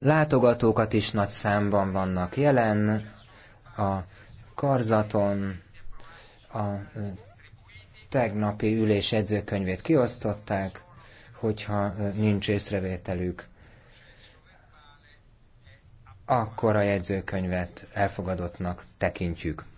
Látogatókat is nagy számban vannak jelen a karzaton, a tegnapi ülés edzőkönyvét kiosztották, hogyha nincs észrevételük, akkor a jegyzőkönyvet elfogadottnak tekintjük.